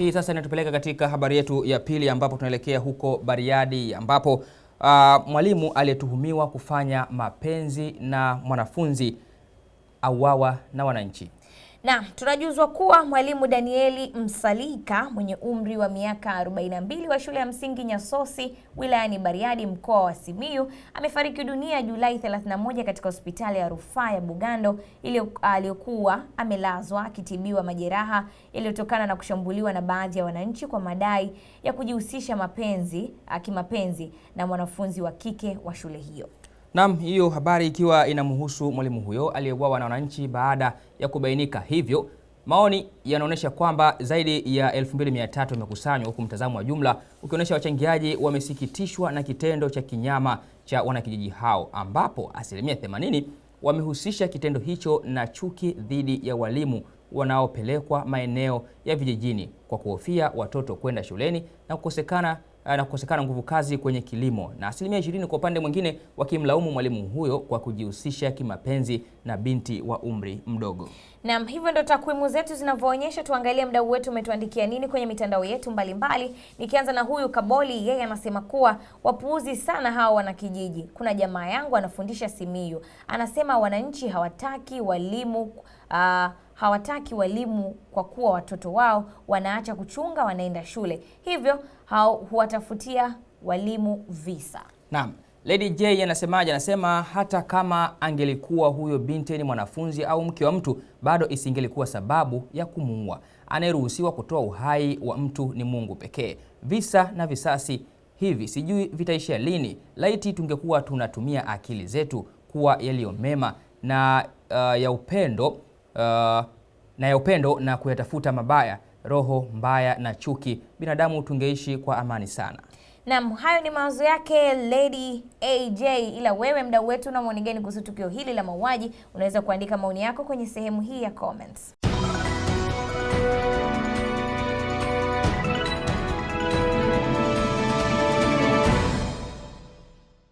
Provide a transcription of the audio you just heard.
Hii sasa inatupeleka katika habari yetu ya pili ambapo tunaelekea huko Bariadi ambapo uh, mwalimu aliyetuhumiwa kufanya mapenzi na mwanafunzi auawa na wananchi. Na tunajuzwa kuwa mwalimu Danieli Msalika mwenye umri wa miaka 42 wa shule ya msingi Nyasosi wilayani Bariadi mkoa wa Simiyu amefariki dunia Julai 31 katika hospitali ya rufaa ya Bugando aliyokuwa amelazwa akitibiwa majeraha yaliyotokana na kushambuliwa na baadhi ya wananchi kwa madai ya kujihusisha mapenzi kimapenzi na mwanafunzi wa kike wa shule hiyo. Naam, hiyo habari ikiwa inamhusu mwalimu huyo aliyeuawa na wananchi baada ya kubainika hivyo. Maoni yanaonyesha kwamba zaidi ya 2300 yamekusanywa huku mtazamo wa jumla ukionyesha wachangiaji wamesikitishwa na kitendo cha kinyama cha wanakijiji hao, ambapo asilimia 80 wamehusisha kitendo hicho na chuki dhidi ya walimu wanaopelekwa maeneo ya vijijini kwa kuhofia watoto kwenda shuleni na kukosekana Eh, na kukosekana nguvu kazi kwenye kilimo, na asilimia 20 kwa upande mwingine wakimlaumu mwalimu huyo kwa kujihusisha kimapenzi na binti wa umri mdogo. Naam, hivyo ndo takwimu zetu zinavyoonyesha. Tuangalie mdau wetu umetuandikia nini kwenye mitandao yetu mbalimbali mbali. Nikianza na huyu Kaboli, yeye anasema kuwa wapuuzi sana hawa wanakijiji. Kuna jamaa yangu anafundisha Simiyu, anasema wananchi hawataki walimu uh, hawataki walimu kwa kuwa watoto wao wanaacha kuchunga, wanaenda shule, hivyo huwatafutia walimu visa. Naam. Lady J anasemaje? Anasema hata kama angelikuwa huyo binti ni mwanafunzi au mke wa mtu, bado isingelikuwa sababu ya kumuua. Anayeruhusiwa kutoa uhai wa mtu ni Mungu pekee. Visa na visasi hivi sijui vitaishia lini. Laiti tungekuwa tunatumia akili zetu kuwa yaliyo mema na uh, ya upendo Uh, na ya upendo na kuyatafuta mabaya, roho mbaya na chuki, binadamu tungeishi kwa amani sana. Naam, hayo ni mawazo yake Lady AJ. Ila wewe mdau wetu na maoni gani kuhusu tukio hili la mauaji? Unaweza kuandika maoni yako kwenye sehemu hii ya comments.